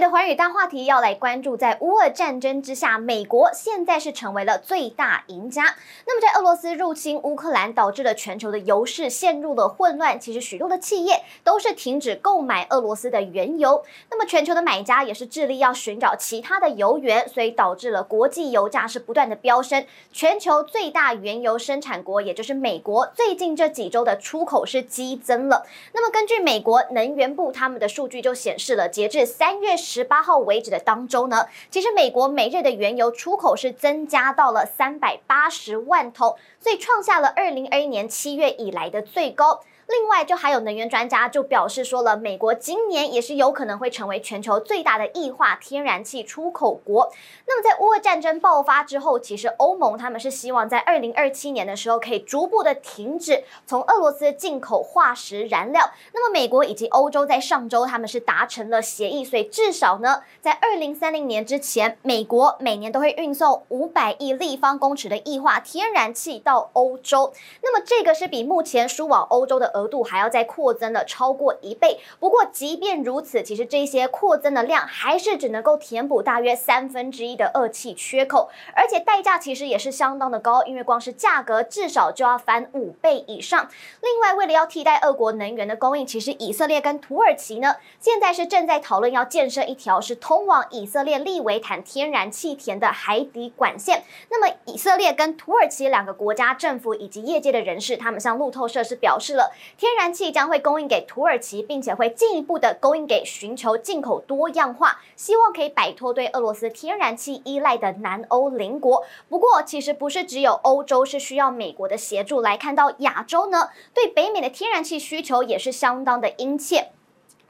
的寰宇大話題要來關注，在烏俄戰爭之下，美國現在是成為了最大贏家。那麼，在俄羅斯入侵烏克蘭，導致了全球的油市陷入了混亂。其實，許多的企業都是停止購買俄羅斯的原油。那麼，全球的買家也是致力要尋找其他的油源，所以導致了國際油價是不斷的飆升。全球最大原油生產國，也就是美國，最近這幾週的出口是激增了。那麼，根據美國能源部他們的數據就顯示了，截至三月。十八號為止的當中週呢，其實美國每日的原油出口是增加到了三百八十萬桶，所以創下了二零二一年七月以來的最高。另外，就還有能源專家就表示說了，美國今年也是有可能會成為全球最大的液化天然氣出口國。那麼，在烏俄戰爭爆發之後，其實歐盟他們是希望在二零二七年的時候可以逐步的停止從俄羅斯進口化石燃料。那麼，美國以及歐洲在上周他們是達成了協議，所以至少呢，在二零三零年之前，美國每年都會運送五百億立方公尺的液化天然氣到歐洲。那麼，這個是比目前輸往歐洲的。額度還要再擴增了超過一倍，不過即便如此，其實這些擴增的量還是只能夠填補大約三分之一的俄氣缺口，而且代價其實也是相當的高，因為光是價格至少就要翻五倍以上。另外，為了要替代俄國能源的供應，其實以色列跟土耳其呢，現在是正在討論要建設一條是通往以色列利維坦天然氣田的海底管線。那麼，以色列跟土耳其兩個國家政府以及業界的人士，他們向路透社是表示了。天然氣將會供應給土耳其，並且會進一步的供應給尋求進口多樣化、希望可以擺脫對俄羅斯天然氣依賴的南歐鄰國。不過，其實不是只有歐洲是需要美國的協助。來看到亞洲呢，對北美的天然氣需求也是相當的殷切。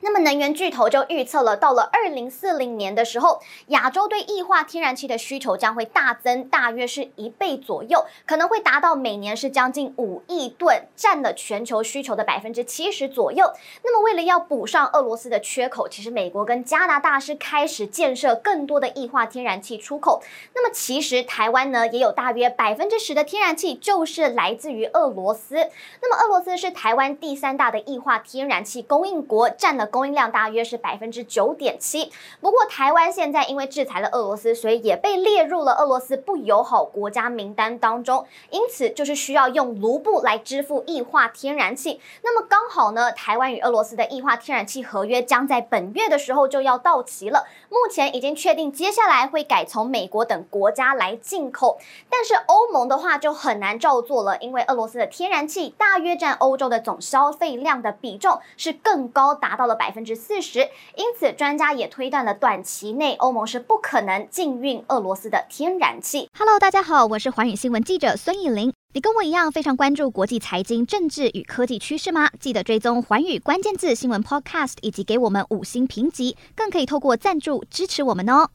那麼能源巨頭就預測了，到了二零四零年的時候，亞洲對液化天然氣的需求將會大增，大約是一倍左右，可能會達到每年是將近五億噸，佔了全球需求的百分之七十左右。那麼為了要補上俄羅斯的缺口，其實美國跟加拿大是開始建設更多的液化天然氣出口。那麼其實台灣呢，也有大約百分之十的天然氣就是來自於俄羅斯。那麼俄羅斯是台灣第三大的液化天然氣供應國，佔了。供應量大約是百分之九點七。不過，台灣現在因為制裁了俄羅斯，所以也被列入了俄羅斯不友好國家名單當中，因此就是需要用盧布來支付液化天然氣。那麼剛好呢，台灣與俄羅斯的液化天然氣合約將在本月的時候就要到期了。目前已經確定，接下來會改從美國等國家來進口。但是歐盟的話就很難照做了，因為俄羅斯的天然氣大約佔歐洲的總消費量的比重是更高，達到了。百分之四十，因此專家也推斷了短期內歐盟是不可能禁運俄羅斯的天然氣。Hello，大家好，我是寰宇新聞記者孫以林。你跟我一樣非常關注國際財經、政治與科技趨勢嗎？記得追蹤寰宇關鍵字新聞 Podcast，以及給我們五星評級，更可以透過贊助支持我們哦。